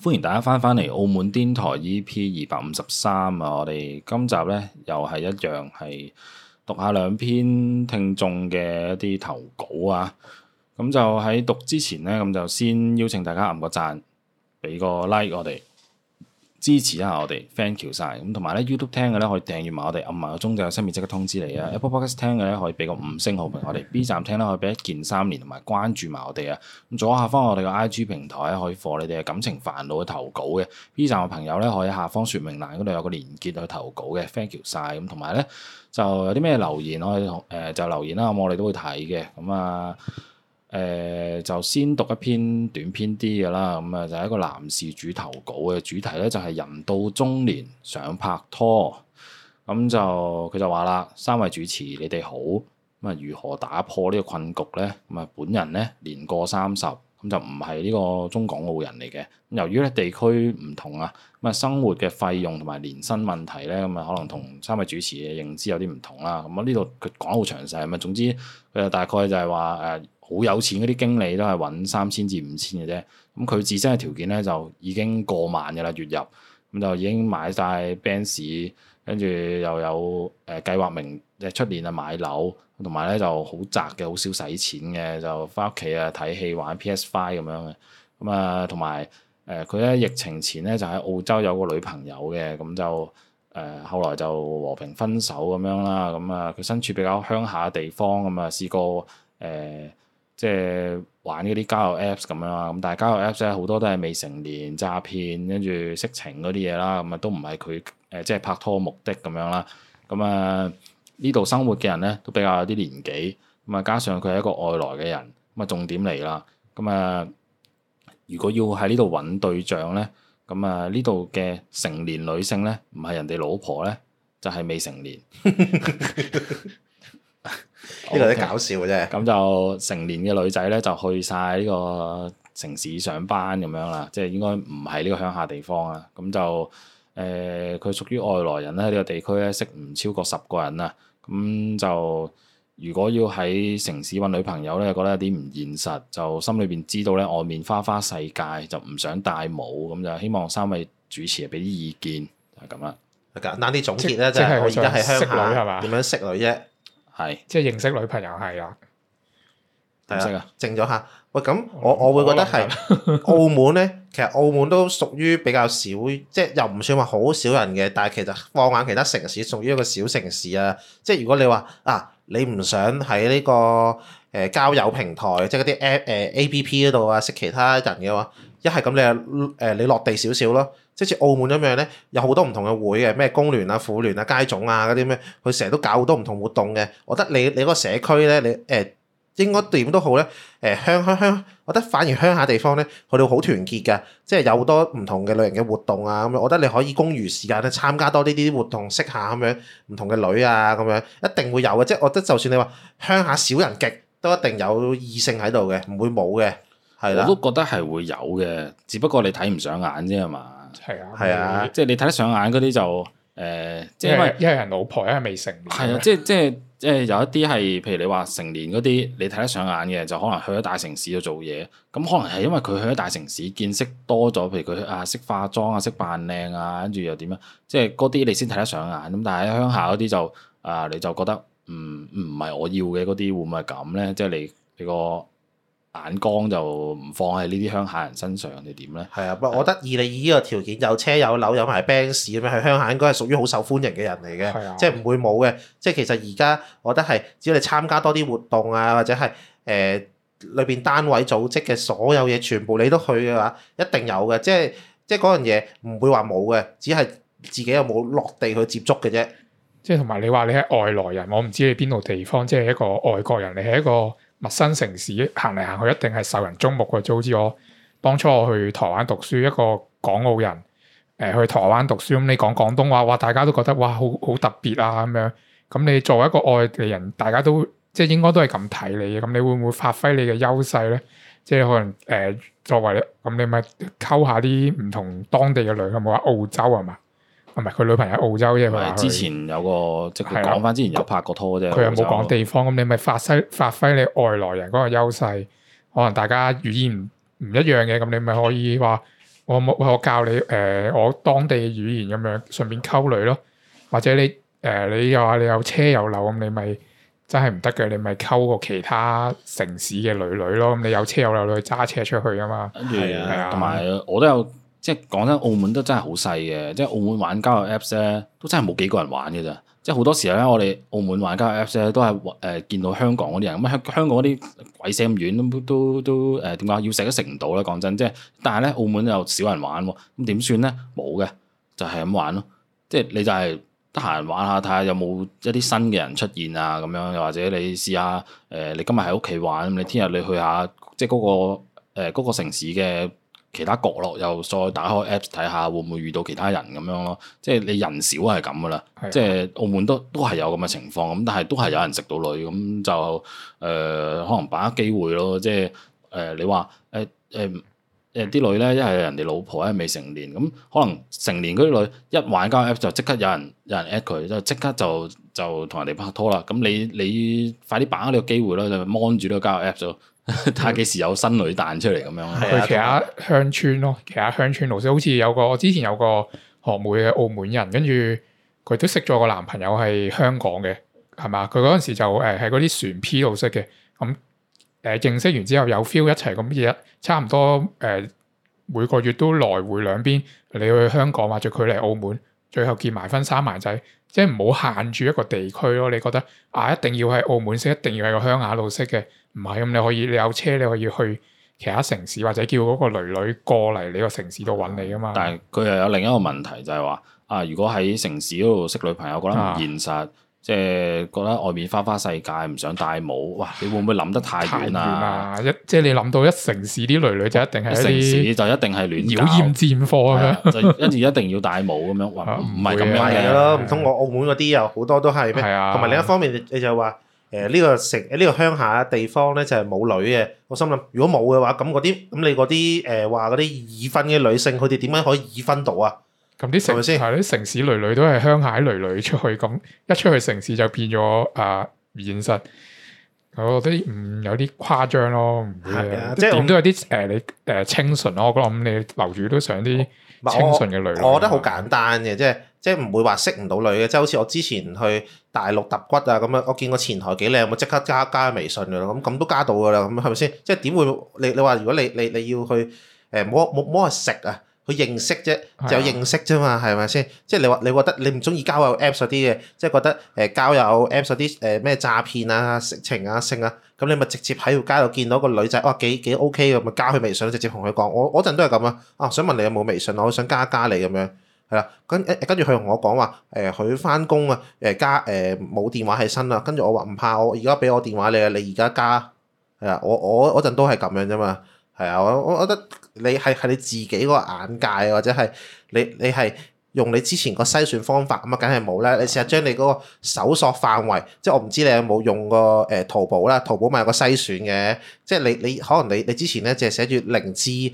歡迎大家翻返嚟澳門癲台 E.P. 二百五十三啊！我哋今集咧又係一樣係讀下兩篇聽眾嘅一啲投稿啊！咁就喺讀之前咧，咁就先邀請大家按個讚，俾個 like 我哋。支持一下我哋，thank you 晒！咁，同埋咧 YouTube 聽嘅咧可以訂閱埋我哋，按埋個鐘就有新片即刻通知你啊！Apple Podcast 聽嘅咧可以俾個五星好評我哋，B 站聽咧可以俾一鍵三連同埋關注埋我哋啊！咁左下方我哋嘅 IG 平台可以放你哋嘅感情煩惱去投稿嘅，B 站嘅朋友咧可以下方説明欄嗰度有個連結去投稿嘅，thank you 晒！咁，同埋咧就有啲咩留言可以誒就留言啦，咁我哋都會睇嘅咁啊。誒、呃、就先讀一篇短篇啲嘅啦，咁啊就係一個男士主投稿嘅主題咧，就係人到中年想拍拖，咁就佢就話啦，三位主持，你哋好，咁啊如何打破呢個困局咧？咁啊本人咧年過三十。咁就唔係呢個中港澳人嚟嘅。咁由於咧地區唔同啊，咁啊生活嘅費用同埋年薪問題咧，咁啊可能同三位主持嘅認知有啲唔同啦。咁啊呢度佢講得好詳細。啊。啊總之，佢大概就係話誒好有錢嗰啲經理都係揾三千至五千嘅啫。咁佢自身嘅條件咧就已經過萬嘅啦月入。咁就已經買晒 Benz，跟住又有誒計劃明誒出年啊買樓。同埋咧就好宅嘅，好少使錢嘅，就翻屋企啊睇戲玩 PS Five 咁樣嘅。咁啊，同埋誒佢喺疫情前咧就喺澳洲有個女朋友嘅，咁就誒、呃、後來就和平分手咁樣啦。咁、嗯、啊，佢身處比較鄉下地方，咁、嗯、啊試過誒、呃、即係玩嗰啲交友 Apps 咁樣啊。咁但係交友 Apps 咧好多都係未成年詐騙，跟住色情嗰啲嘢啦，咁、嗯、啊都唔係佢誒即係拍拖目的咁樣啦。咁、嗯、啊。嗯呢度生活嘅人咧都比較有啲年紀，咁啊加上佢係一個外來嘅人，咁啊重點嚟啦，咁，嗯，啊如果要喺呢度揾對象呢，咁啊呢度嘅成年女性呢唔係人哋老婆呢，就係，是，未成年，呢度啲搞笑嘅啫。咁就成年嘅女仔呢，就去晒呢個城市上班咁樣啦，即係應該唔係呢個鄉下地方啊，咁就。誒佢、呃、屬於外來人咧，呢、這個地區咧識唔超過十個人啊，咁就如果要喺城市揾女朋友咧，覺得有啲唔現實，就心裏邊知道咧外面花花世界，就唔想戴帽咁就希望三位主持啊俾啲意見就係咁啦，簡單啲總結咧就我而家係鄉下識女係嘛，點樣識女啫？係是即係認識女朋友係啊，的認識啊正咗下。咁我我會覺得係 澳門咧，其實澳門都屬於比較少，即係又唔算話好少人嘅。但係其實放眼其他城市，屬於一個小城市啊。即係如果你話啊，你唔想喺呢、呢個誒、呃、交友平台，即係嗰啲 A 誒 A P P 嗰度啊，識其他人嘅話，一係咁你誒、呃、你落地少少咯，即似澳門咁樣咧，有好多唔同嘅會嘅，咩工聯啊、婦聯啊、街總啊嗰啲咩，佢成日都搞好多唔同活動嘅。我覺得你你嗰個社區咧，你誒。呃應該點都好咧，誒鄉鄉鄉，我覺得反而鄉下地方咧，佢哋好團結㗎，即係有好多唔同嘅類型嘅活動啊咁樣。我覺得你可以公餘時間咧，參加多呢啲活動，識下咁樣唔同嘅女啊咁樣，一定會有嘅。即係我覺得，就算你話鄉下少人極，都一定有異性喺度嘅，唔會冇嘅。係啦，我都覺得係會有嘅，只不過你睇唔上眼啫嘛。係啊，係啊，即係你睇得上眼嗰啲就誒，呃就係、因為一人老婆，一人未成人。係啊，即係即係。即係有一啲係，譬如你話成年嗰啲，你睇得上眼嘅，就可能去咗大城市度做嘢，咁可能係因為佢去咗大城市見識多咗，譬如佢啊識化妝啊，識扮靚啊，跟住又點樣啊？即係嗰啲你先睇得上眼，咁但係喺鄉下嗰啲就啊，你就覺得唔唔係我要嘅嗰啲，會唔會咁咧？即係你你個。眼光就唔放喺呢啲鄉下人身上，你點咧？係啊，我覺得以你以呢個條件有車有樓有埋 bang 咁樣去鄉下應該係屬於好受歡迎嘅人嚟嘅的，即係唔會冇嘅。即係其實而家我覺得係，只要你參加多啲活動啊，或者係誒裏邊單位組織嘅所有嘢，全部你都去嘅話，一定有嘅。即係即係嗰樣嘢唔會話冇嘅，只係自己有冇落地去接觸嘅啫。即係同埋你話你係外來人，我唔知你邊度地方，即係一個外國人，你係一個。陌生城市行嚟行去一定係受人矚目嘅，就好似我當初我去台灣讀書，一個港澳人，誒、呃、去台灣讀書咁、嗯，你講廣東話，哇大家都覺得哇好好特別啊咁樣，咁你作為一個外地人，大家都即係應該都係咁睇你嘅，咁你會唔會發揮你嘅優勢咧？即係可能誒、呃、作為咁，你咪溝下啲唔同當地嘅女，冇啊澳洲係嘛？唔係佢女朋友喺澳洲啫，佢之前有個即係講翻之前有拍過拖啫。佢又冇講地方，咁你咪發揮發揮你外來人嗰個優勢，可能大家語言唔一樣嘅，咁你咪可以話我冇我教你誒、呃，我當地嘅語言咁樣，順便溝女咯。或者你誒、呃、你又話你有車有樓，咁你咪真係唔得嘅，你咪溝個其他城市嘅女女咯。咁你有車有樓，你揸車出去啊嘛。跟住同埋我都有。即係講真，澳門都真係好細嘅。即係澳門玩家嘅 Apps 咧，都真係冇幾個人玩嘅咋。即係好多時候咧，我哋澳門玩家嘅 Apps 咧，都係誒見到香港嗰啲人咁啊。香港嗰啲鬼死咁遠，都都、呃、都誒點解要食都食唔到啦。講真，即係但係咧，澳門又少人玩喎。咁點算咧？冇嘅，就係、是、咁玩咯。即係你就係得閒玩下，睇下有冇一啲新嘅人出現啊咁樣。又或者你試下誒、呃，你今日喺屋企玩，你聽日你去下即係、那、嗰個誒嗰、呃那個城市嘅。其他角落又再打開 Apps 睇下會唔會遇到其他人咁樣咯，即係你人少係咁噶啦，的即係澳門都都係有咁嘅情況咁，但係都係有人食到女咁，就誒、呃、可能把握機會咯，即係誒、呃、你話誒誒誒啲女咧，一係人哋老婆，一、啊、係未成年，咁可能成年嗰啲女一玩交 Apps 就即刻有人有人 at 佢，就即刻就就同人哋拍拖啦。咁你你快啲把握呢個機會咯，就摸住呢個交友 Apps 咯。睇下幾時有新女彈出嚟咁樣，去其他鄉村咯，其他鄉村老式好似有個我之前有個學妹嘅澳門人，跟住佢都識咗個男朋友係香港嘅，係嘛？佢嗰陣時就誒係嗰啲船 P 度識嘅，咁誒、呃、認識完之後有 feel 一齊咁，而家差唔多誒、呃、每個月都來回兩邊，你去香港或者佢嚟澳門，最後結埋婚生埋仔，即係唔好限住一個地區咯。你覺得啊，一定要喺澳門識，一定要喺個鄉下度識嘅？唔係咁，你可以你有車，你可以去其他城市，或者叫嗰個女女過嚟你個城市度揾你啊嘛。但係佢又有另一個問題就係話啊，如果喺城市嗰度識女朋友，覺得唔現實，即係覺得外面花花世界，唔想戴帽，哇！你會唔會諗得太遠啊？即係你諗到一城市啲女女就一定係城市，就一定係亂，妖艷賤貨咁樣，跟住一定要戴帽咁樣，哇！唔係咁樣咯，唔通我澳門嗰啲又好多都係咩？同埋另一方面，你就話。誒呢、呃這個城呢、這個鄉下地方咧就係冇女嘅，我心諗如果冇嘅話，咁嗰啲咁你嗰啲誒話嗰啲已婚嘅女性，佢哋點樣可以已婚到啊？咁啲城，吧城市，係啲城市女女都係鄉下啲女女出去，咁一出去城市就變咗啊、呃、現實。我覺得唔、嗯、有啲誇張咯，唔會係啊，即係點都有啲誒你誒、呃、清純咯。我諗你樓主都想啲清純嘅女，我覺得好簡單嘅，即係。即係唔會話識唔到女嘅，即係好似我之前去大陸揼骨啊咁樣，我見個前台幾靚，我即刻加加微信噶啦，咁咁都加到噶啦，咁係咪先？即係點會？你你話如果你你你要去誒冇冇冇話食啊，去認識啫，就認識啫嘛，係咪先？是啊、即係你話你覺得你唔中意交友 Apps 嗰啲嘅，即係覺得誒交友 Apps 嗰啲誒咩詐騙啊、色情啊、性啊，咁你咪直接喺條街度見到個女仔，哇幾幾 OK 嘅，咪加佢微信，直接同佢講，我我陣都係咁啊，啊想問你有冇微信，我想加加你咁樣。係啦，跟跟住佢同我講話，誒佢翻工啊，誒、呃、加誒冇、呃、電話起身啦。跟住我話唔怕，我而家俾我電話你啊，你而家加係啊。我我嗰陣都係咁樣啫嘛，係啊。我我覺得你係係你自己個眼界或者係你你係。用你之前個篩選方法咁啊，梗係冇啦！你成日將你嗰個搜索範圍，即係我唔知你有冇用過誒淘寶啦，淘寶咪有個篩選嘅，即係你你可能你你之前咧就係寫住零至誒一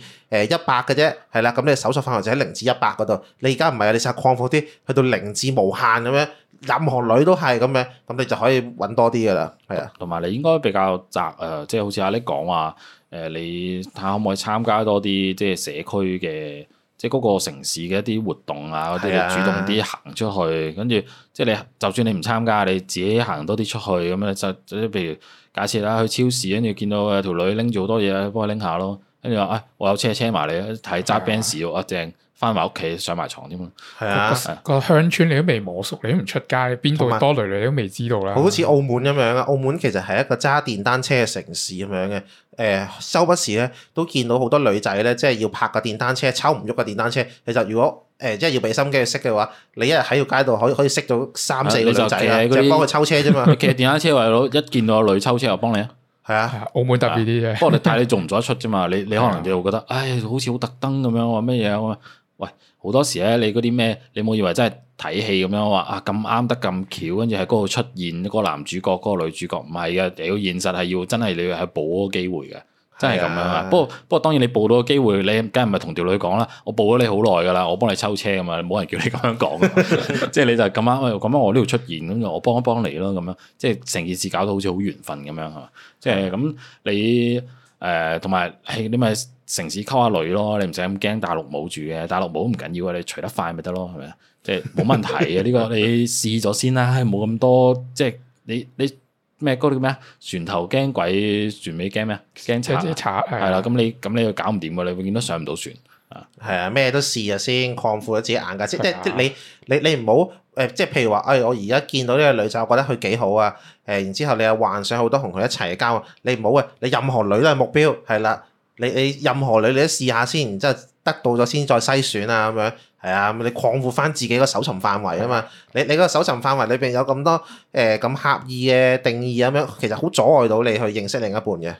百嘅啫，係啦，咁你搜索範圍就喺零至一百嗰度，你而家唔係啊，你成日擴闊啲去到零至無限咁樣，任何女都係咁樣，咁你就可以揾多啲噶啦，係啊。同埋你應該比較窄誒，即、呃、係、就係、好似阿 Nick 講話誒，你睇下可唔可以參加多啲，即係社區嘅。即係嗰個城市嘅一啲活動啊，嗰啲你主動啲行出去，跟住即係你就算你唔參加，你自己行多啲出去咁樣就，就譬如假設啦，去超市跟住見到有條女拎住好多嘢，幫佢拎下咯，跟住話啊，我有車車埋你，睇揸 band 又啊正，翻埋屋企上埋床添嘛。係啊，個鄉村你都未摸熟，你都唔出街，邊度多女女你都未知道啦。好似澳門咁樣啊，澳門其實係一個揸電單車嘅城市咁樣嘅。誒、周、呃、不時咧，都見到好多女仔咧，即係要拍個電單車，抽唔喐個電單車。其實如果誒、呃，即係要俾心機去識嘅話，你一日喺個街度可以可以識到三四個仔啦，就幫佢抽車啫嘛。 其實電單車位佬一見到個女抽車又幫你啊，係啊，澳門特別啲嘅，但你你不過 你睇你做唔做得出啫嘛。你你可能就會覺得，唉，好似好特登咁樣，話乜嘢啊？喂，好多時咧，你嗰啲咩，你冇以為真係。睇戲咁樣話啊，咁啱得咁巧，跟住喺嗰度出現嗰個男主角，嗰、嗰個女主角唔係嘅。屌，現實係要真係你要去補嗰個機會嘅，真係咁樣是啊！不過不過當然你補到個機會，你梗係咪同條女講啦？我補咗你好耐噶啦，我幫你抽車咁嘛，冇人叫你咁樣講， 即係你就咁啱，咁啱我呢度出現，咁就我幫一幫你咯，咁樣即係成件事搞到好似好緣分咁樣嚇，即係咁你誒，同埋係你咪城市溝下女咯，你唔使咁驚大陸冇住嘅，大陸冇唔緊要啊，你除得快咪得咯，係咪？ 即係冇問題嘅呢、這個你試、啊哎你，你試咗先啦，冇咁多即係你你咩嗰啲咩啊？船頭驚鬼，船尾驚咩啊？驚車仔叉係啦，咁你咁了你又搞唔掂嘅，你永遠都上唔到船啊！係啊，咩都試下先，擴闊咗自己眼界先。即係即係你你你唔好誒，即係譬如話誒，我而家見到呢個女仔，我覺得佢幾好啊。誒，然之後你又幻想好多同佢一齊嘅交往，你唔好啊！你任何女都係目標，係啦。你你任何女都你何女都試下先，然之後。得到咗先，再篩選啊咁樣，係啊，你擴闊翻自己個搜尋範圍啊嘛，你你個搜尋範圍裏邊有咁多誒咁狹義嘅定義咁樣，其實好阻礙到你去認識另一半嘅。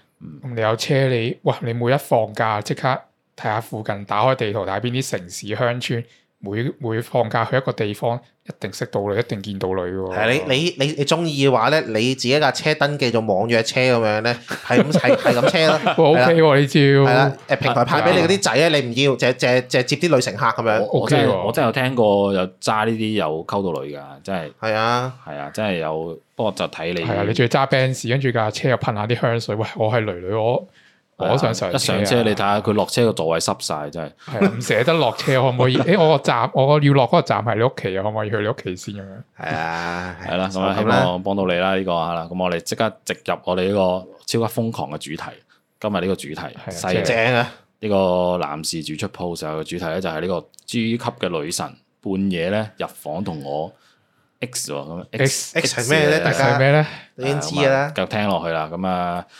你有車你，哇！你每一放假即刻睇下附近，打開地圖睇下邊啲城市鄉村。每每放假去一個地方，一定識到女，一定見到女嘅喎、啊。係你你你你中意嘅話咧，你自己架車登記做網約車咁樣咧，係咁係係咁車咯。O K 喎，你照係啦。誒、啊、平台派俾你嗰啲仔咧，啊、你唔要，就就就接啲女乘客咁樣。O、okay、K 我真，啊、我真有聽過有揸呢啲有溝到女噶，真係。係啊，係啊，真係有。不過就睇你。係啊，你仲要揸 Benz，跟住架車又噴下啲香水。喂，我係女女我。我上上一上車，你睇下佢落車個座位濕晒，真係唔捨得落車。可唔可以？誒，我個站，我要落嗰個站係你屋企啊？可唔可以去你屋企先咁樣？係啊，係啦，咁啊，希望幫到你啦。呢個啦，咁我哋即刻直入我哋呢個超級瘋狂嘅主題。今日呢個主題細正啊！呢個男士住出 post 時候嘅主題咧，就係呢個 G 級嘅女神半夜咧入房同我 X 咁 X X 係咩咧？大家已經知㗎啦，繼續聽落去啦。咁啊～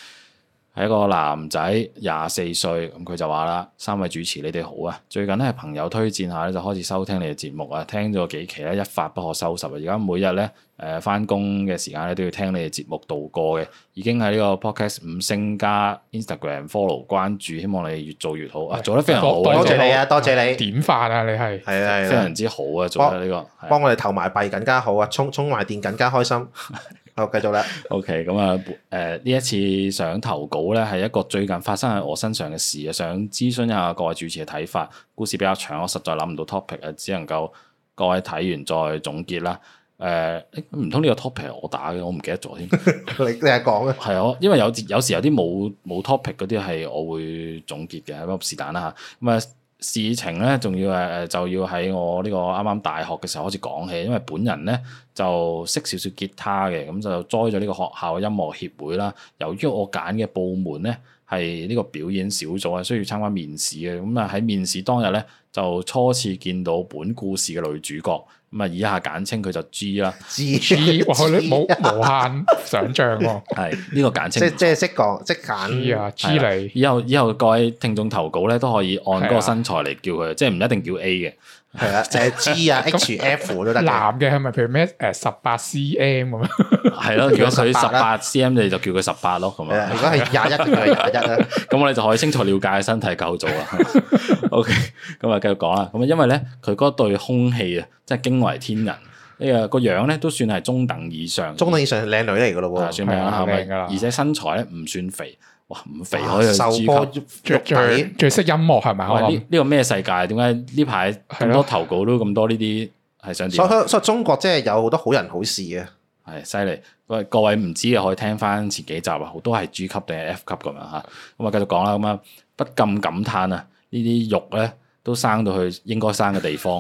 係一個男仔，廿四歲，咁佢就話啦：三位主持，你哋好啊！最近咧係朋友推薦下咧，就開始收聽你哋節目啊，聽咗幾期咧，一發不可收拾啊！而家每日咧，誒返工嘅時間咧都要聽你哋節目度過嘅，已經喺呢個 Podcast 五星加 Instagram follow 關注，希望你越做越好啊！是做得非常好，多謝你啊，多謝你點飯啊！你係係啊，非常之好啊！做得呢幫、這個幫我哋投埋幣，更加好啊！充充埋電，更加開心。 好，繼續啦。OK，咁啊，誒、呃，呢一次想投稿咧，係一個最近發生喺我身上嘅事啊，想諮詢一、啊、下各位主持嘅睇法。故事比較長，我實在諗唔到 topic 啊，只能夠各位睇完再總結啦、呃。誒，唔通呢個 topic 係我打嘅？我唔記得咗添。你你講啊？係我，因為有有時有啲冇冇 topic 嗰啲係我會總結嘅，係咯是但啦吓。咁啊，事情咧仲要誒，就要喺我呢個啱啱大學嘅時候開始講起，因為本人咧。就識少少吉他嘅，咁就栽咗呢個學校音樂協會啦。由於我揀嘅部門咧係呢個表演小組啊，需要參加面試嘅，咁啊喺面試當日咧就初次見到本故事嘅女主角，咁啊以下簡稱佢就 G 啦 G。G 你佢冇無限想象喎、啊。係呢、這個簡稱。即即係識講，識揀。G 啊，G 嚟、啊。以後以後各位聽眾投稿咧都可以按個身材嚟叫佢，啊、即係唔一定叫 A 嘅。係啊，就係 G 啊，H、F 都得。男嘅係咪譬如咩？誒，十八 CM 咁啊？係咯，如果佢十八 CM，你就叫佢十八咯。咁啊，如果係廿一，就叫佢廿一啦。咁 我哋就可以清楚了解身體構造啦。 OK，咁啊繼續講啦。咁啊，因為咧佢嗰對空氣啊，真係驚為天人。呢個個樣咧都算係中等以上，中等以上係靚女嚟噶咯喎，算唔算啊？係啊，而且身材咧唔算肥。哇！咁肥可以受波喐住，仲識音樂係咪？呢、呢個咩世界？點解呢排咁多投稿都咁多呢啲係想？所以所以，所以中國即係有好多好人好事啊！係犀利，各位唔知啊，可以聽翻前幾集啊，好多係 G 級定係 F 級咁樣吓。咁啊，繼續講啦。咁啊，不禁感嘆啊，呢啲肉咧都生到去應該生嘅地方。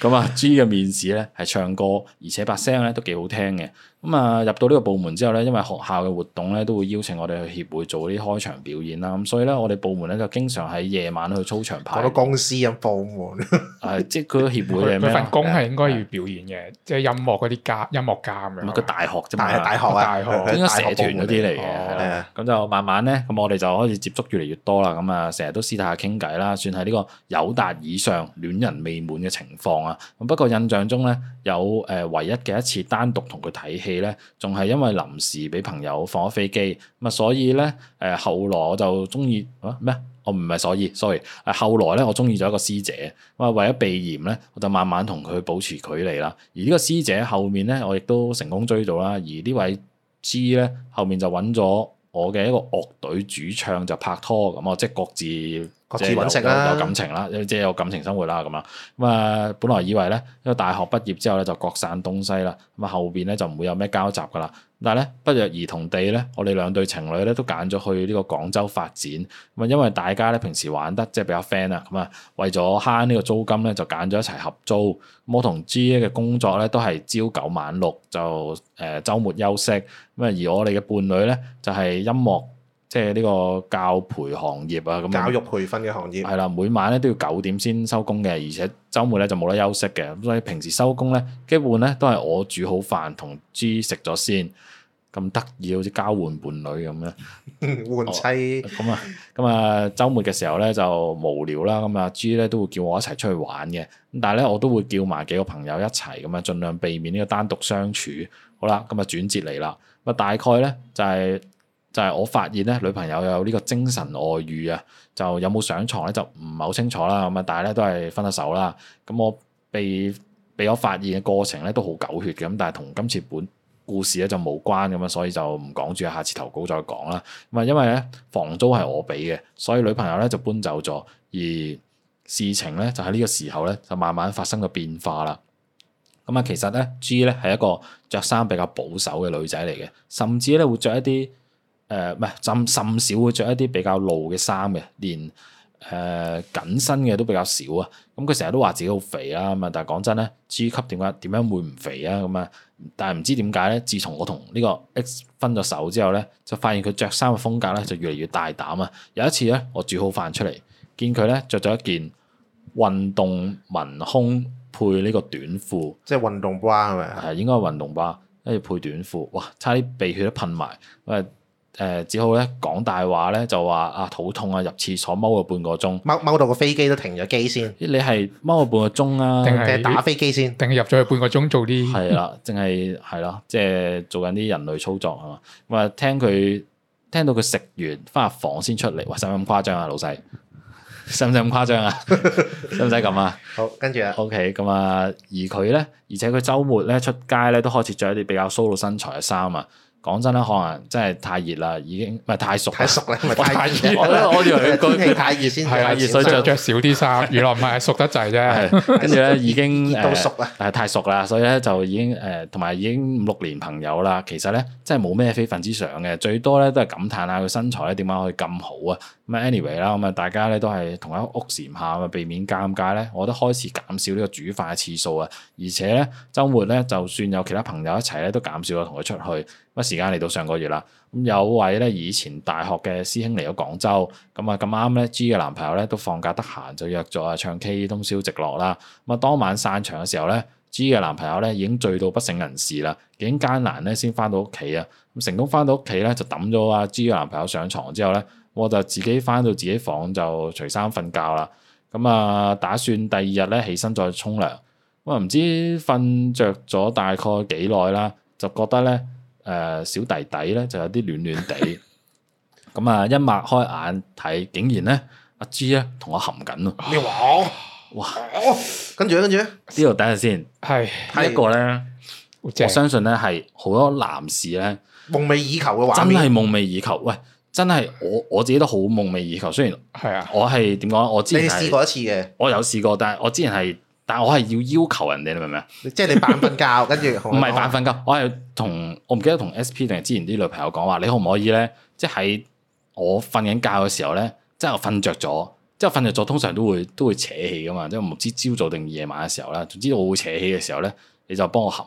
咁啊 ，G 嘅面試咧係唱歌，而且把聲咧都幾好聽嘅。咁啊，入到呢個部門之後咧，因為學校嘅活動咧都會邀請我哋去協會做啲開場表演啦，咁所以咧我哋部門咧就經常喺夜晚去操場排。好多，多公司啊，部門。 誒， 即係佢個協會嘅份工係應該要表演嘅，嗯、即係音樂嗰啲家音樂家咁樣。乜大學啫、啊？大大學啊，大學。應該社團嗰啲嚟嘅。咁就慢慢咧，咁我哋就開始接觸越嚟越多啦。咁啊，成日都私下傾偈啦，算係呢個友達以上戀人未滿嘅情況啊。咁不過印象中咧，有誒唯一嘅一次單獨同佢睇戲咧，仲係因為臨時俾朋友放咗飛機，咁啊，所以咧誒後嚟我就中意啊咩我唔係所以，sorry。後來咧，我中意咗一個師姐，咁啊，為咗避嫌咧，我就慢慢同佢保持距離啦。而呢個師姐後面咧，我亦都成功追到啦。而呢位 G 咧，後面就揾咗我嘅一個樂隊主唱就拍拖咁啊，即係各自。各自揾食啦，有感情啦，啊、即係有感情生活啦咁啊。咁啊，本來以為咧，因為大學畢業之後咧就各散東西啦，咁啊後邊咧就唔會有咩交集噶啦。但係咧，不約而同地咧，我哋兩對情侶咧都揀咗去呢個廣州發展。咁啊，因為大家咧平時玩得即係比較 friend 啊，咁啊，為咗慳呢個租金咧，就揀咗一齊合租。咁我同 G 嘅工作咧都係朝九晚六，就誒週末休息。咁啊，而我哋嘅伴侶咧就係音樂。即係呢個教培行業啊，咁教育培訓嘅行業係啦，每晚咧都要九點先收工嘅，而且週末咧就冇得休息嘅，所以平時收工咧，基本咧都係我煮好飯同豬食咗先，咁得意好似交換伴侶咁樣換 妻咁啊，咁啊週末嘅時候咧就無聊啦，咁啊豬咧都會叫我一齊出去玩嘅，但係咧我都會叫埋幾個朋友一齊咁啊，盡量避免呢個單獨相處。好啦，咁啊轉折嚟啦，咁啊大概咧就係、是。就係我發現咧，女朋友有呢個精神外遇啊，就有冇上床咧就唔係好清楚啦。咁啊，但係咧都係分咗手啦。咁我被被我發現嘅過程咧都好狗血嘅。咁但係同今次本故事咧就冇關咁啊，所以就唔講住，下次投稿再講啦。咁啊，因為咧房租係我俾嘅，所以女朋友咧就搬走咗。而事情咧就喺呢個時候咧就慢慢發生個變化啦。咁啊，其實咧 G 咧係一個着衫比較保守嘅女仔嚟嘅，甚至咧會着一啲。誒唔係甚甚少會着一啲比較露嘅衫嘅，連誒緊身嘅都比較少啊。咁佢成日都話自己好肥啦，咁啊，但係講真咧，G 級點解點樣會唔肥啊？咁啊，但係唔知點解咧，自從我同呢個 X 分咗手之後咧，就發現佢着衫嘅風格咧就越嚟越大膽啊！有一次咧，我煮好飯出嚟，見佢咧着咗一件運動文胸配呢個短褲，即係運動 bra 係咪啊？係應該係運動 bra，跟住配短褲，哇！差啲鼻血都噴埋，因為誒，只好咧講大話咧，就話啊肚痛啊，入廁所踎咗半個鐘，踎踎到個飛機都停咗機先。你係踎咗半個鐘啊？定係是打飛機先？定係入咗去半個鐘做啲？係啦、啊，淨係係啦，即係、啊就是、做緊啲人類操作係嘛？咁啊，聽佢聽到佢食完翻入房先出嚟，話，使唔使咁誇張啊，老細？使唔使咁誇張啊？使唔使咁啊？好，跟住啊。OK，咁啊，而佢咧，而且佢週末咧出街咧都開始着一啲比較騷露身材嘅衫啊。講真啦，可能真係太熱啦，已經唔係太熟，太熟咧，唔係太熱。我我以為天氣太熱先，係啊，熱水着着少啲衫。原來唔係熟得滯啫，跟住咧已經都熟啦，係太熟啦，所以咧就已經誒，同、呃、埋已經五六年朋友啦。其實咧真係冇咩非分之想嘅，最多咧都係感嘆下佢身材咧點解可以咁好啊。咁啊，anyway 啦，咁啊，大家咧都係同一屋檐下，咁啊避免尷尬咧，我都開始減少呢個煮飯嘅次數啊。而且咧周末咧，就算有其他朋友一齊咧，都減少咗同佢出去。乜時間嚟到上個月啦？咁有位咧以前大學嘅師兄嚟咗廣州，咁啊咁啱咧 G 嘅男朋友咧都放假得閒，就約咗啊唱 K 通宵直落啦。咁啊當晚散場嘅時候咧，G 嘅男朋友咧已經醉到不省人事啦，幾艱難咧先翻到屋企啊！咁成功翻到屋企咧就揼咗啊 G 嘅男朋友上床之後咧，我就自己翻到自己房就除衫瞓覺啦。咁啊打算第二日咧起身再沖涼。我唔知瞓着咗大概幾耐啦，就覺得咧。誒、呃、小弟弟咧就有啲暖暖地，咁啊 一擘開眼睇，竟然咧阿珠咧同我含緊咯、啊。哇！跟住咧、啊，跟住咧、啊，呢度等下先。係是，係一個咧，棒我相信咧係好多男士咧夢寐以求嘅畫面，真係夢寐以求。喂，真係我我自己都好夢寐以求。雖然係啊，我係點講？我之前試過一次嘅，我有試過，但係我之前係。但我係要要求人哋，你明唔明啊？即係你扮瞓覺， 跟住唔係扮瞓覺，我係同我唔記得同 SP 定係之前啲女朋友講話，你可唔可以咧？即係我瞓緊覺嘅時候咧，即係我瞓着咗，即係瞓着咗，通常都會都會扯起噶嘛，即係唔知朝早定夜晚嘅時候啦。總之我會扯起嘅時候咧，你就幫我含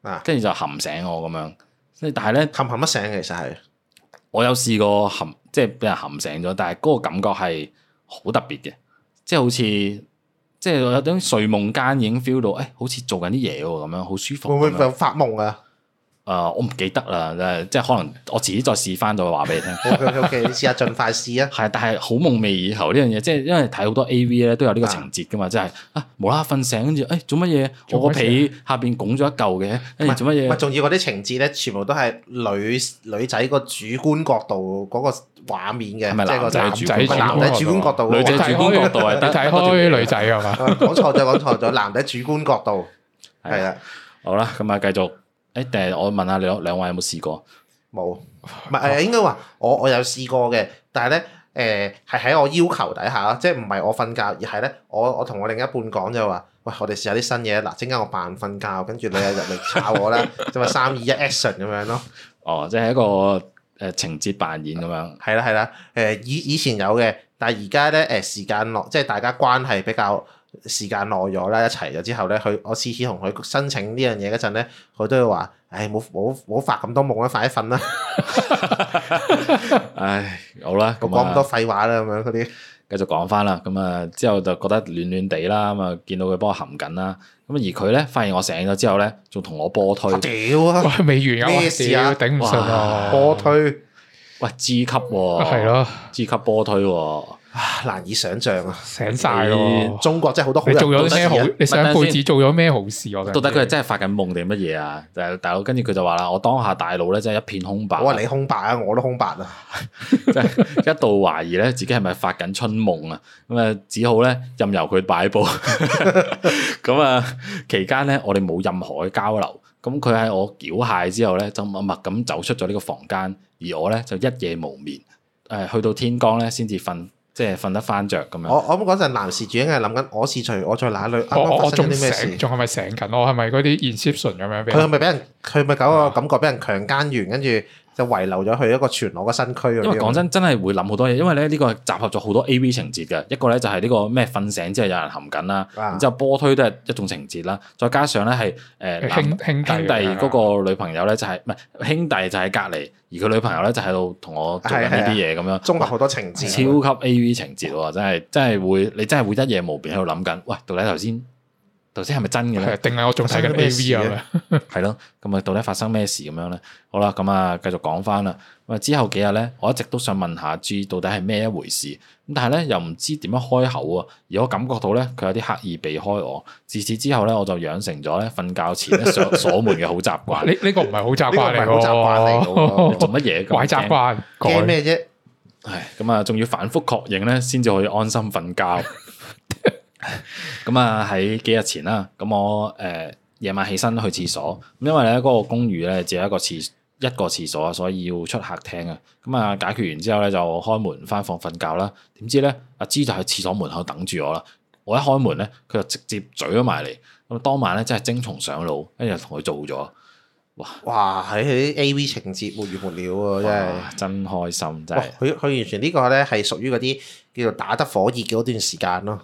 啊，跟住就含醒我咁樣。但係咧，含含乜醒？其實係我有試過含，即係俾人含醒咗，但係嗰個感覺係好特別嘅，即係好似。即係有種睡夢間已經 feel 到，誒、哎,好似做緊啲嘢喎，咁樣好舒服。會唔會發夢啊？誒、呃,我唔記得啦,即係可能我自己再試翻就話俾你聽。 OK, OK, 你試下盡快試啊。係， 但係好夢寐以求呢樣嘢，即係因為睇好多 A V 咧都有呢個情節噶嘛,的即係啊無啦啦瞓醒,跟住誒做乜嘢？我個被下邊拱咗一嚿嘅，跟住,欸,做乜嘢？仲要嗰啲情節咧,全部都係女女仔個主觀角度嗰個。畫面嘅，即係個男仔，男仔主觀角度，女仔主觀角度係睇開女仔係嘛？講錯咗，講錯咗，男仔主觀角度係啦。好啦，咁啊繼續誒，定係我問下兩兩位有冇試過？冇，唔係，應該話我，我有試過嘅，但係咧誒，係喺我要求底下咯，即係唔係我瞓覺，而係咧我，我同我另一半講就話，喂，我哋試下啲新嘢啦。嗱，陣間我扮瞓覺，跟住你又入嚟炒我啦，咁啊三二一 action 咁樣咯。哦，即係一個。誒、呃，情節扮演咁樣、啊，係啦係啦，誒以、啊、以前有嘅，但係而家咧，誒時間耐，即係大家關係比較時間耐咗啦，一齊咗之後咧，佢我次次同佢申請呢樣嘢嗰陣咧，佢都會話，唉，冇冇冇發咁多夢啊，快啲瞓啦， 唉，好啦，我講咁多廢話啦，咁樣嗰啲。繼續講翻啦，咁啊之後就覺得暖暖地啦，咁啊見到佢幫我含緊啦，咁而佢咧發現我醒咗之後咧，仲同我波推，屌啊！未完有咩事啊？頂唔順啊！波推，喂，G 級係、啊、咯，G 級波推、啊。難以想象，啊，醒晒咯，啊！中國真係好多好人，啊，做咗咩好？等等你上輩子做咗咩好事？我覺得到底佢係真係發緊夢定乜嘢啊？就是，大佬，跟住佢就話啦，我當下大腦咧真係一片空白。我話你空白啊，我都空白啊！ 一度懷疑咧自己係咪發緊春夢啊？咁啊，只好咧任由佢擺布。咁 啊， 期間咧我哋冇任何嘅交流。咁佢喺我繳械之後咧，就默默咁走出咗呢個房間，而我咧就一夜無眠。誒，去到天光咧先至瞓。即係瞓得翻着咁樣。我我咁嗰陣，男士主應該係諗緊，我是誰，我在哪裏？我啱啱、哦、發生啲咩事？仲係咪醒緊？我係咪嗰啲 inspiration 咁樣俾？佢係咪俾人？佢係咪搞個感覺俾、哦、人強姦完？跟住，就遺留咗佢一個全裸嘅身軀因，因為講真，真係會諗好多嘢。因為咧呢個集合咗好多 A V 情節嘅，一個咧就係、是、呢個咩瞓醒之後有人含緊啦，的然之後波推都係一種情節啦。再加上咧係誒兄弟嗰個女朋友咧就係唔係兄弟就喺隔籬，而佢女朋友咧就喺度同我做緊呢啲嘢咁樣。綜合好多情節，哇超級 A V 情節，真係真係會哇你真係會一夜無眠喺度諗緊。喂，到底頭先？頭先係咪真嘅咧？定係我仲睇緊 AV 啊？係咯， 咁啊到底發生咩事咁樣咧？好啦，咁啊繼續講翻啦。咁啊之後幾日咧，我一直都想問,問下 G 到底係咩一回事，咁但係咧又唔知點樣開口啊。而我感覺到咧佢有啲刻意避開我。自此之後咧，我就養成咗咧瞓覺前上鎖門嘅好習慣。呢呢個唔係好習慣嚟嘅，做乜嘢怪習慣？驚咩啫？係咁啊，仲要反覆確認咧，先至可以安心瞓覺。 咁啊，喺、 嗯、幾日前啦，咁我誒夜、呃、晚起身去廁所，咁因為咧嗰、那個公寓咧只係一個廁一個廁所，所以要出客廳啊。咁、嗯、啊，解決完之後咧就開門返房瞓覺啦。點知咧阿芝就喺廁所門口等住我啦。我一開門咧，佢就直接咀咗埋嚟。咁當晚咧真係精蟲上腦，跟住同佢做咗。哇哇，喺啲 A V 情節沒完沒了啊！真係真開心真係佢佢完全呢個咧係屬於嗰啲叫做打得火熱嘅嗰段時間咯。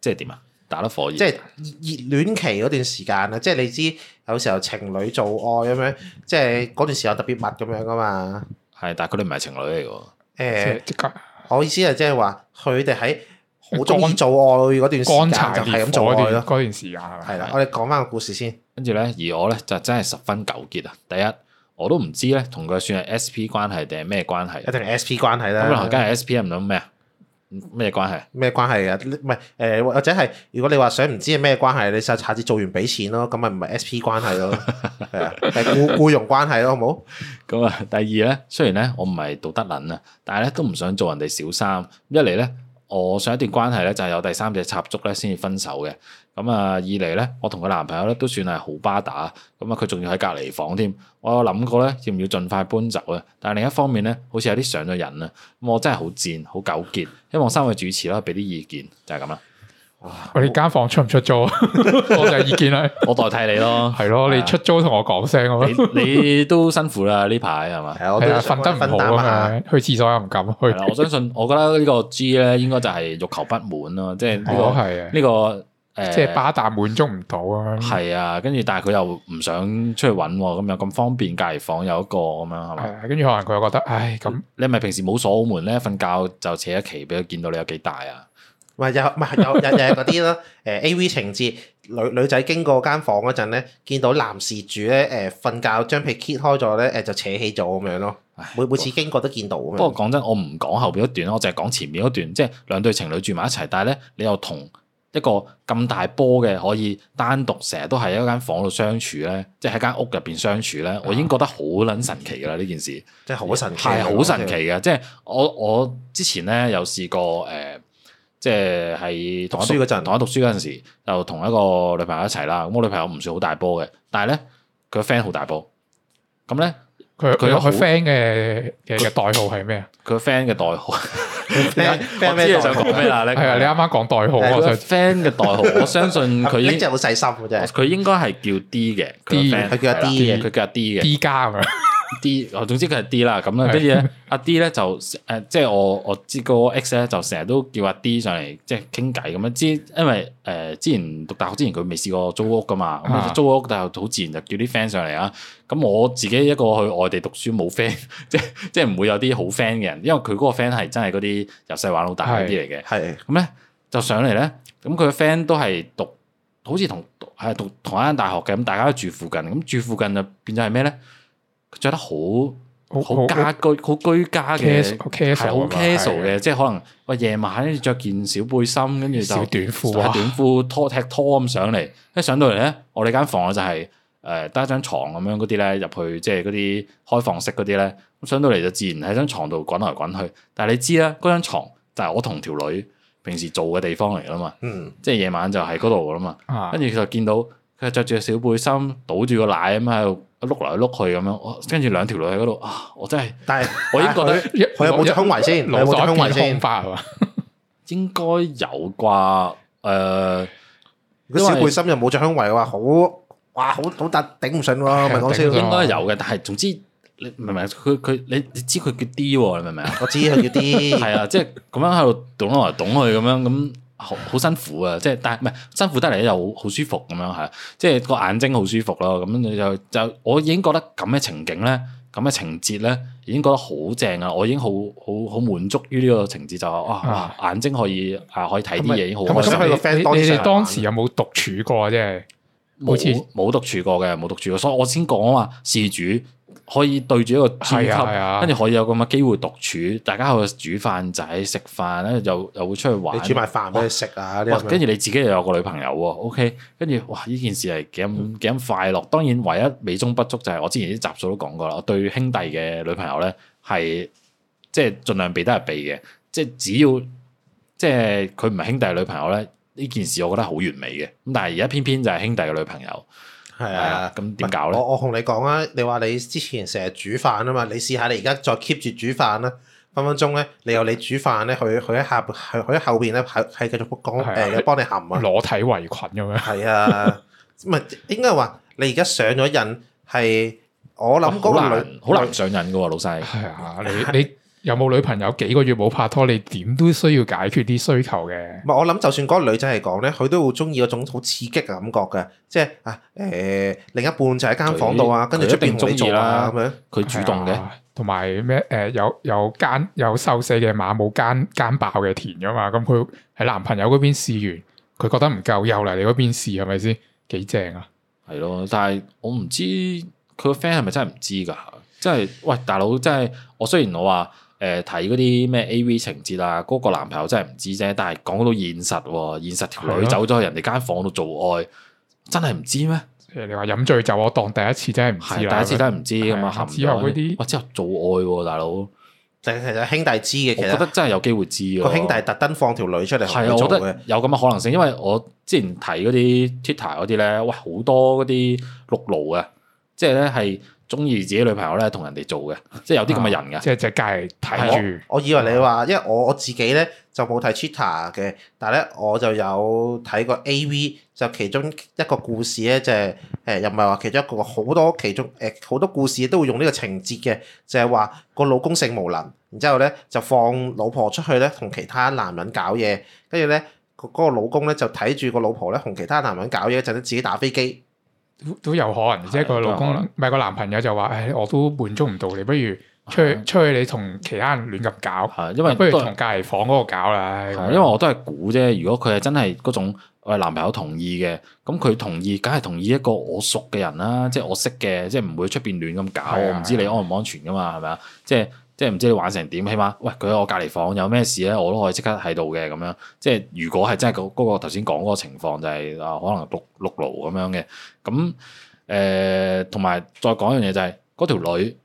即係點啊？打得火熱，即係熱熱戀期嗰段時間啊！即係你知，有時候情侶做愛咁樣，即係嗰段時間特別密咁樣噶嘛。係，但係佢哋唔係情侶嚟噶。誒、欸，即刻我意思係即係話，佢哋喺好中意做愛嗰段時間，乾柴就係咁做愛咯。嗰段時間係咪？係啦，我哋講翻個故事先。跟住咧，而我咧就真係十分糾結啊！第一，我都唔知咧同佢算係 S P 關係定係咩關係。一定係 S P 關係啦。咁同埋，S P 唔到咩啊？咩關係？咩關係啊？唔係誒，或者係如果你話想唔知係咩關係，你就下次做完俾錢咯，咁咪唔係 SP 關係咯，係啊，係雇僱傭關係咯， 好唔好？咁啊，第二咧，雖然咧我唔係道德撚啊，但係咧都唔想做人哋小三，一嚟咧。我、哦、上一段關係咧就係有第三者插足咧先至分手嘅，咁、嗯、啊二嚟咧我同佢男朋友咧都算係好巴打，咁啊佢仲要喺隔離房添，我有諗過咧要唔要盡快搬走啊？但係另一方面咧好似有啲上咗人啊。咁我真係好賤好糾結，希望三位主持啦俾啲意見就係咁啦。我哋間房出唔出租啊？我就意見啦，我代替你咯，係咯，你出租同我講聲咁。你你都辛苦啦呢排係嘛？係啊，瞓得唔好啊，去廁所又唔敢去。我相信，我覺得呢個 G 咧，應該就係欲求不滿咯，即係呢個呢個，即係巴旦滿足唔到啊。係啊，跟住但係佢又唔想出去揾喎，咁又咁方便隔籬房有一個咁樣係嘛？跟住可能佢又覺得，唉，咁你係咪平時冇鎖門咧？瞓覺就扯一旗俾佢見到你有幾大啊？唔係又唔係又又嗰啲咯，誒 A.V. 情節，女女仔經過間房嗰陣咧，見到男士住咧，誒瞓覺將被揭開咗咧，誒就扯起咗咁樣咯。每每次經過都見到。 不過講真，我唔講後邊一段咯，我淨係講前面一段，即係兩對情侶住埋一齊，但係咧，你又同一個咁大波嘅可以單獨成日都喺一間房度相處咧，即係喺間屋入邊相處咧，我已經覺得好撚神奇㗎啦！呢、啊、件事即係好神奇，係好、嗯嗯、神奇嘅。嗯、即係我我之前咧有試過誒。呃即係同我讀書嗰陣，同我讀書嗰陣時，就同一個女朋友一齊啦。咁我女朋友唔算好大波嘅，但係咧佢個 friend 好大波。咁咧佢佢佢 friend 嘅嘅代號係咩啊？佢 friend 嘅代號，你，我知你想講咩啦？係啊，你啱啱講代號啊？佢 friend 嘅代號，我相信佢呢隻好細心嘅啫。佢應該係叫 D 嘅，D 佢叫阿 D 嘅，佢叫阿 D 嘅 D 加咁樣。D，哦，總之佢係 D 啦，咁啦的，跟住咧，阿 D 咧就誒，即、呃、係、就是、我我知個 X 咧就成日都叫阿 D 上嚟，即係傾偈咁樣。之因為誒、呃，之前讀大學之前佢未試過租屋噶嘛，咁、啊、租屋，但係好自然就叫啲 friend 上嚟啊。咁我自己一個去外地讀書冇 friend， 即即係唔會有啲好 friend 嘅人，因為佢嗰個 friend 係真係嗰啲由細玩到大嗰啲嚟嘅。係咁咧就上嚟咧，咁佢嘅 friend 都係讀，好似同係讀同一間大學嘅，咁大家都住附近，咁住，住附近就變咗係咩咧？着得好好家居、好居家嘅，係斯好 casual 嘅，的即係可能喂夜、哎、晚咧著件小背心，跟住就小短褲短、啊、褲拖踢拖咁上嚟，一上到嚟咧，我哋間房間就係、是、得、呃、一張床咁樣嗰啲咧入去，即係嗰啲開放式嗰啲咧，咁上到嚟就自然喺張床度滾來滾去。但係你知啦，嗰張牀就係我同條女平時做嘅地方嚟噶啦嘛，即係夜晚就喺嗰度噶啦嘛。跟住佢就見到佢着住小背心，倒住個奶咁喺度。碌來碌去咁樣，我跟住兩條女喺嗰度啊！我真係，但係是我應該佢有冇着胸圍先？冇着胸圍先？應該有啩，誒、呃，如果小背心又冇着胸圍嘅話，好哇，好好，但頂唔順喎。唔係講笑，應該有嘅，但係總之你明唔明？佢佢你你知佢叫啲，你明唔明啊？我知佢叫啲，係啊，即係咁樣喺度懂來懂去咁樣咁。好辛苦啊！即係但係唔係辛苦得嚟咧，就好好舒服咁樣係，即係個眼睛好舒服咯。咁你就就我已經覺得咁嘅情景咧，咁嘅情節咧，已經覺得好正啊！我已經好好好滿足於呢個情節就話啊，眼睛可以啊可以睇啲嘢，已經好開心。咁咁，你你哋當時有冇獨處過啊？即係冇冇獨處過嘅，冇獨處過。所以我先講啊嘛，事主。可以對住一個 Gcup、啊，跟住可以有咁嘅機會獨處，大家去煮飯仔、食飯咧，又又會出去玩。你煮埋飯俾佢食啊！跟住你自己又有個女朋友喎、嗯，OK？跟住哇，呢件事係幾咁快樂。當然唯一美中不足就係我之前啲集數都講過啦，我對兄弟嘅女朋友呢，係即係盡量避得係避嘅。即、就、係、是、只要即係佢唔係兄弟嘅女朋友呢，呢件事我覺得好完美嘅。咁但係而家偏偏就係兄弟嘅女朋友。係啊，咁點搞咧？我我同你講啊，你話你之前成日煮飯啊嘛，你試下你而家再 keep 住煮飯啦，分分鐘咧，你又你煮飯咧，佢佢喺下佢喺後邊咧，係係繼續講誒幫你含啊！裸體圍裙咁樣？係啊，唔係 應該話你而家上咗癮係我諗、那個，好、啊、難好難上癮嘅喎，老細。係啊，你你。 有冇女朋友幾個月冇拍拖？你點都需要解決啲需求嘅。唔係我諗，就算嗰個女仔嚟講咧，佢都會中意嗰種好刺激嘅感覺嘅，即係啊誒，另一半就喺間房度啊，跟住出邊同你做啊，咁樣佢主動嘅，同埋咩誒有有奸有瘦死嘅馬冇奸奸爆嘅田啊嘛，咁佢喺男朋友嗰邊試完，佢覺得唔夠，又嚟你嗰邊試係咪先？幾正啊！係咯，但係我唔知佢個 friend 係咪真係唔知噶？即係喂大佬，即係我雖然我話。誒睇嗰啲咩 AV 情節啊，嗰個男朋友真係唔知啫。但係講到現實喎，現實條女走咗去人哋間房度做愛，的真係唔知咩？你話飲醉酒，我當第一次真係唔知的他第一次真係唔知噶嘛？之後嗰啲之後做愛喎，大佬。其實兄弟知嘅，其實覺得真係有機會知個兄弟特登放條女出嚟係啊，的我覺得有咁嘅可能性，因為我之前睇嗰啲 Twitter 嗰啲咧，哇好多嗰啲綠奴嘅，即係咧係。中意自己女朋友咧，同人哋做嘅，即係有啲咁嘅人嘅，嗯、即係只街睇住。我以為你話，因為我我自己咧就冇睇 Twitter 嘅，但係咧我就有睇過 AV，就其中一個故事咧就係誒又唔係話其中一個，好多其中誒好、呃、好多故事都會用呢個情節嘅，就係、係、話個老公性無能，然之後咧就放老婆出去咧同其他男人搞嘢，跟住咧嗰個老公咧就睇住個老婆咧同其他男人搞嘢，就自己打飛機。都有可能，的即係個老公唔係個男朋友就話：的唉，我都滿足唔到你，不如出去的出去你同其他人亂咁搞，係因為不如同隔籬房嗰個搞啦。因為我都係估啫。如果佢係真係嗰種誒男朋友同意嘅，咁佢同意，梗係同意一個我熟嘅人啦，即係、嗯、我識嘅，即係唔會出邊亂咁搞，我唔的知你安唔安全噶嘛，係咪啊？即係。即係唔知你玩成點，起碼喂佢喺我隔籬房有咩事咧，我都可以即刻喺度嘅咁樣。即係如果係真係嗰嗰個頭先講嗰個情況，就是，就係啊可能六六樓咁樣嘅。咁誒，同，呃、埋再講一樣嘢就係嗰條女，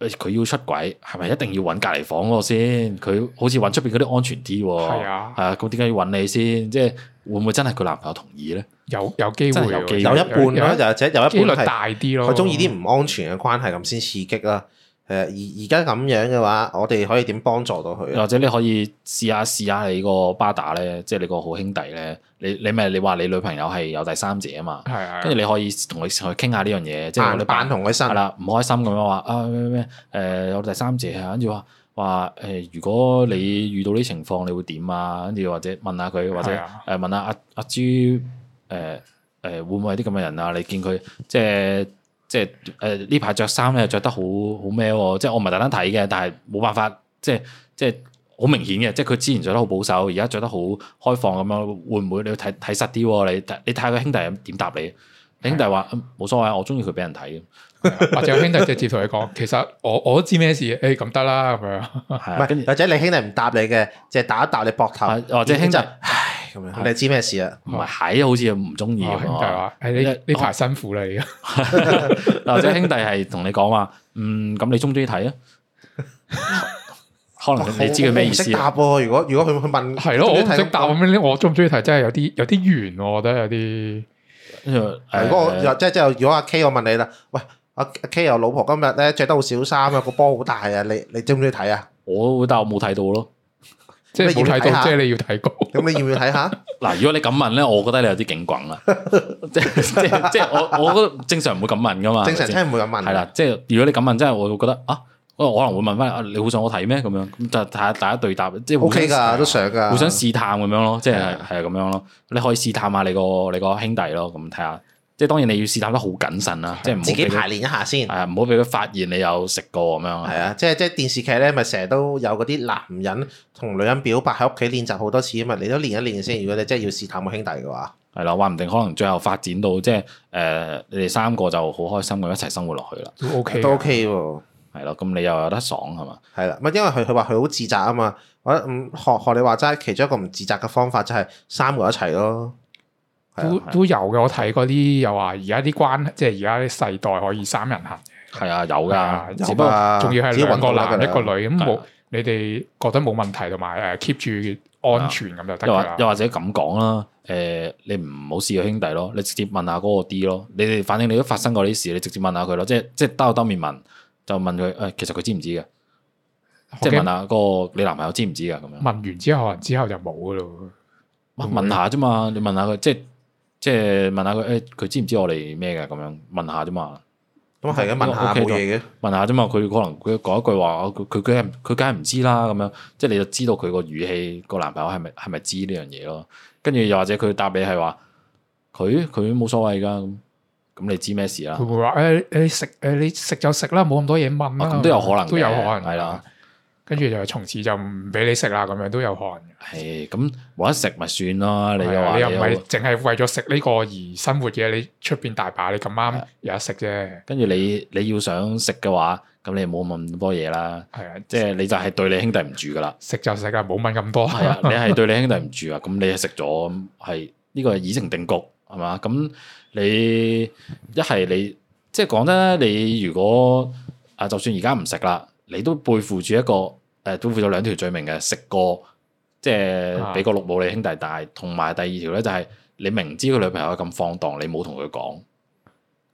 佢要出軌係咪一定要揾隔籬房嗰個先？佢好似揾出邊嗰啲安全啲。係是啊，啊，係啊。咁點解要揾你先？即係會唔會真係佢男朋友同意咧？有機有機會有，有一半咧，或者有一半係大啲咯。佢中意啲唔安全嘅關係咁先刺激啦。誒而，而家咁樣嘅話，我哋可以點幫助到佢？或者你可以試下試下你個巴打咧，即係你個好兄弟咧。你你咪你話你女朋友係有第三者啊嘛？係係。跟住你可以同佢同佢傾下呢樣嘢，即係我哋扮同佢生，係啦，唔開心咁樣話啊咩咩誒有第三者啊，跟住話話誒，如果你遇到呢情況，你會點啊？跟住或者問下佢，或者誒問下阿阿朱誒誒會唔會係啲咁嘅人啊？你見佢即係。即係誒、呃、呢排着衫咧着得好好咩喎？即係我唔係特登睇嘅，但係冇辦法，即係即係好明顯嘅。即係佢之前着得好保守，而家着得好開放咁樣，會唔會你要睇睇實啲，哦？你你睇下個兄弟點答你？你的兄弟話冇所謂，我中意佢俾人睇。或者兄弟直接同你講，其實我我都知咩事，誒咁得啦咁樣。唔係，或者你兄弟唔答你嘅，就打一打你膊頭，或者兄弟。啊啊啊啊 你知咩事啊？唔係，蟹好似唔中意係嘛？係呢呢排辛苦啦，而家 或者兄弟係同你講話，嗯，咁你中唔中意睇啊？ 可能你， 你知佢咩意思？答、啊，如果如果佢佢問，係咯？識答咁樣咧，我中唔中意睇？真係有啲有啲圓，我覺得有啲、嗯。如果我，即係即係，如果阿 K 我問你啦，喂，阿阿 K 又老婆今日咧着得好少衫啊，個波好大啊，你你中唔中意睇啊？我會但我冇睇到咯。即係冇睇過，看看即係你要睇過。咁你要唔要睇下？嗱，如果你咁問咧，我覺得你有啲景轟啦。即係即係即係，我我覺得正常唔會咁問噶嘛。正常聽唔會咁問。係啦，即係如果你咁問，即係我會覺得啊，我可能會問翻啊，你好想我睇咩？咁樣咁就睇下大家對答。即係 O K 噶，okay，的想都想噶，互相試探咁樣咯。即係係係咁樣咯。Yeah. 你可以試探下你個你個兄弟咯，咁睇下。即係當然你要試探得好謹慎啦，即係唔自己排練一下先，係啊，唔好俾佢發現你有食過咁樣、啊、樣。係啊，即係即係電視劇咧，咪成日都有嗰啲男人同女人表白喺屋企練習好多次啊嘛，你都練一練先。嗯、如果你真係要試探個兄弟嘅話，係啦、啊，話唔定可能最後發展到即係誒、呃，你哋三個就好開心咁一齊生活落去啦，都 OK，都 OK 喎，係咯、啊，咁你又有得爽係、啊、嘛？係啦，唔係因為佢佢話佢好自責啊嘛，我唔學學你話齋，其中一個唔自責嘅方法就係三個一齊咯。都都有嘅，我睇嗰啲又話而家啲關係，即係而家啲世代可以三人行。係啊，有噶，吧有只不過仲要係兩個男，男一個女咁冇。你哋覺得冇問題同埋誒，keep 住安全咁、啊、就得。又或者咁講啦，誒、呃，你唔好試過兄弟咯，你直接問下嗰個 D 咯。你哋反正你都發生過啲事，你直接問下佢咯，即係即係兜兜面問，就問佢誒，其實佢知唔知嘅？即係怕問下個你男朋友知唔知噶？咁樣問完之後之後就冇噶咯。問下啫嘛，你問下佢即係。即係問下佢，誒、哎，佢知唔知我哋咩嘅？咁樣問下啫嘛，咁啊係嘅，問下冇嘢嘅，問下啫嘛。佢可能佢講一句話，佢佢係佢梗係唔知啦。咁樣即係你就知道佢、就是、個語氣，個男朋友係咪係咪知呢樣嘢咯？跟住又或者佢答你係話，佢佢冇所謂噶，咁咁你知咩事啦？佢會話誒誒食誒你食、呃、就食啦，冇咁多嘢問啦，咁、啊、都有可能，都有可能，係啦。跟住就從此就唔俾你食啦，咁樣都有可能。係咁冇得食咪算咯，嗯、你，你又話你又唔係淨係為咗食呢個而生活嘅，你出邊大把，你咁啱有得食啫。跟住你你要想食嘅話，咁你冇問咁多嘢啦。係啊的，即係你就係對你兄弟唔住噶啦。食就食啊，冇問咁多。係啊，你係對你兄弟唔住啊，咁 你食咗係呢個已成定局，係嘛？咁你一係你，就是、你即係講得。你如果啊就算而家唔食啦，你都背負住一個。誒，都負咗兩條罪名嘅，食過即係俾個綠帽你兄弟戴，同埋第二條咧就係你明知佢女朋友咁放蕩，你冇同佢講，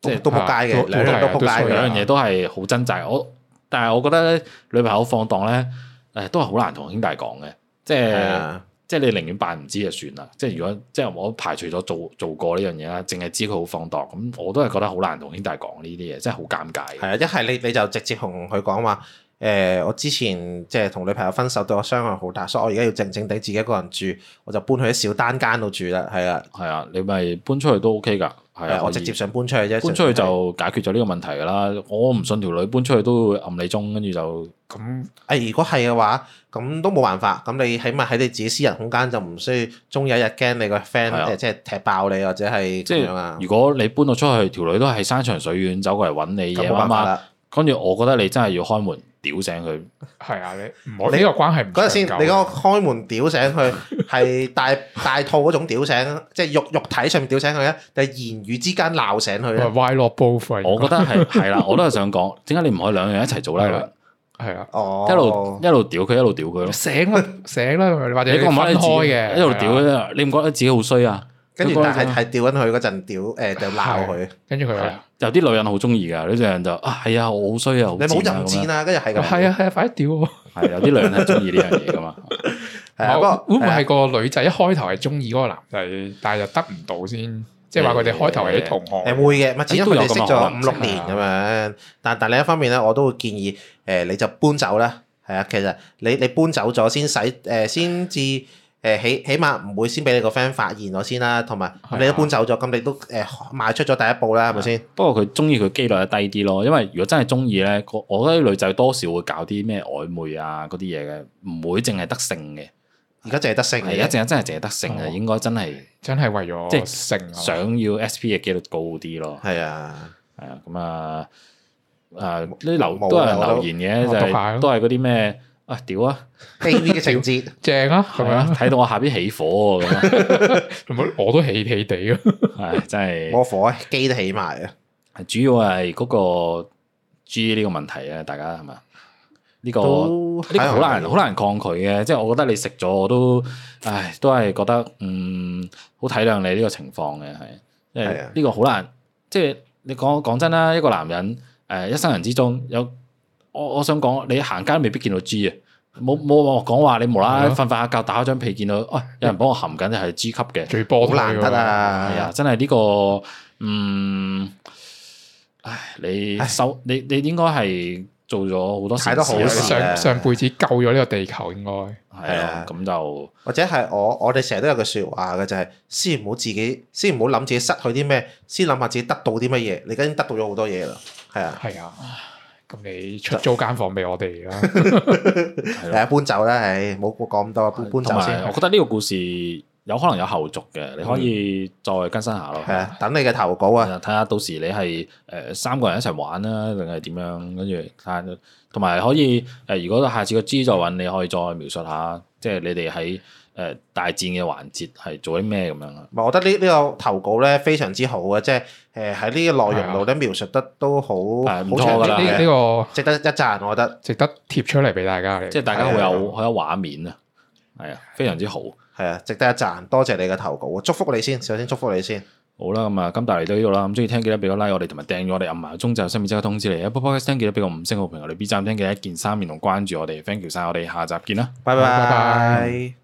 即係都仆街嘅，兩都樣嘢都係好掙扎。我但係我覺得咧，女朋友放蕩咧，誒都係好難同兄弟講嘅，即係即係你寧願扮唔知就算啦。即係如果即係我排除咗做做過呢樣嘢啦，淨係知佢好放蕩，咁我都係覺得好難同兄弟講呢啲嘢，真係好尷尬。係啊，一係你你就直接同佢講話。誒、呃，我之前即係同女朋友分手，對我傷害好大，所以我而家要靜靜地自己一個人住，我就搬去小單間度住啦，係啦。係啊，你咪搬出去都 OK 噶，係啊。的我直接想搬出去啫，搬出去就解決咗呢個問題噶啦。的我唔信條女搬出去都會暗你中，跟住就咁。誒、嗯呃，如果係嘅話，咁都冇辦法。咁你起碼喺你自己私人空間就唔需要終的，終有一日驚你個 friend 即係踢爆你或者係點樣啊？如果你搬到出去，條女都係山長水遠走過嚟揾你嘢啊嘛。跟住、嗯、我覺得你真係要開門。屌醒佢，係啊，你唔可以呢個關係嗰陣先，你嗰個開門屌醒佢，係大大套嗰種屌醒，即係肉肉體上面屌醒佢啊，定係言語之間鬧醒佢啊？Why not both？我覺得係係啦，我都係想講，點解你唔可以兩樣一齊做咧？係啊，哦，一路一路屌佢，一路屌佢咯，醒啦醒啦，或者你唔覺得分開嘅，一路屌，佢啫，你唔覺得自己好衰啊？跟住但係係屌緊佢嗰陣屌誒就鬧佢，跟住佢話有啲女人好中意噶呢隻人就啊係啊我好衰啊，你冇就唔知啦，跟住係咁係啊係啊快啲屌！係有啲女人係中意呢樣嘢噶嘛，係啊不過會唔會係個女仔一開頭係中意嗰個男仔，但係又得唔到先？即係話佢哋開頭係啲同學，誒會嘅，咪始終佢哋識咗五六年咁樣。但但另一方面咧，我都會建議誒，你就搬走啦，係啊，其實你你搬走咗先使誒，先至。誒起起碼唔會先俾你個 friend 發現咗先啦、啊，同埋你一搬走咗，咁你都誒邁、啊、出咗第一步啦，係咪先？是不，是不過佢中意佢機率低啲咯，因為如果真係中意咧，我覺得啲女仔多少會搞啲咩曖昧啊嗰啲嘢嘅，唔會淨係得性嘅。而家淨係得性嘅。係啊，而家真係淨係得性啊，哦、應該真係真係為咗即係性，想要 SP 嘅機率高啲咯。係啊，係啊，咁啊呢啲留都有人留言嘅，就係都係嗰啲咩。啊屌啊！TV 嘅情節正啊，係咪啊？睇 到我下邊起火啊，係 我都起起地啊，係真係。我火啊，機都起埋啊，係主要係嗰、那個注意呢個問題啊，大家係咪？呢、這個呢好難好難抗拒嘅，即、就、係、是、我覺得你食咗我都，唉，都係覺得嗯，好體諒你呢個情況嘅，係。誒，呢個好難，即係的你講講真啦，一、這個男人誒，一生人之中有。我我想講，你行街未必見到 G 啊！冇冇講話你無啦啦瞓瞓下覺打張，打開張被見到，喂、哎，有人幫我含緊咧，係 G 級嘅，最波好難得噶，係啊！真係呢、這個，嗯，唉，你收唉你你應該係做咗好多太多好事，上上輩子救咗呢個地球應該的，應該係啊，咁就或者係我我哋成日都有句說話嘅就係、是，先唔好自己，先唔好諗自己失去啲咩，先諗下自己得到啲乜嘢。你而家已經得到咗好多嘢啦，係啊，係啊的。你出租間房俾我哋啦， 係啊，搬走啦，唉，冇冇講咁多，搬搬走先。我覺得呢個故事有可能有後續嘅，嗯、你可以再更新下咯。係啊，等你嘅投稿啊，睇下到時你係誒、呃、三個人一齊玩啦，定係點樣？跟住睇下，同埋可以誒，如果下次個資助揾，你可以再描述下，即係你哋喺。誒，大戰嘅環節係做啲咩咁樣咧？唔係，我覺得呢呢個投稿咧非常之好啊！即係誒喺呢個內容度咧描述得都好冇錯噶啦，呢呢個值得一讚，我覺得值得貼出嚟俾大家，嘅，即係大家會有好多畫面啊！係啊，非常之好，係啊，值得一讚，多謝你嘅投稿，祝福你先，首先祝福你先，好啦，咁啊，今集嚟到呢度啦，咁中意聽記得俾個 like，我哋同埋訂閱我哋，暗係中就上面即刻通知你啊！播播客聽記得俾個五星好評，嚟 B 站聽記得一鍵三連同關注我哋，thank you 晒，我哋下集見啦，拜拜 Bye bye 拜拜。拜拜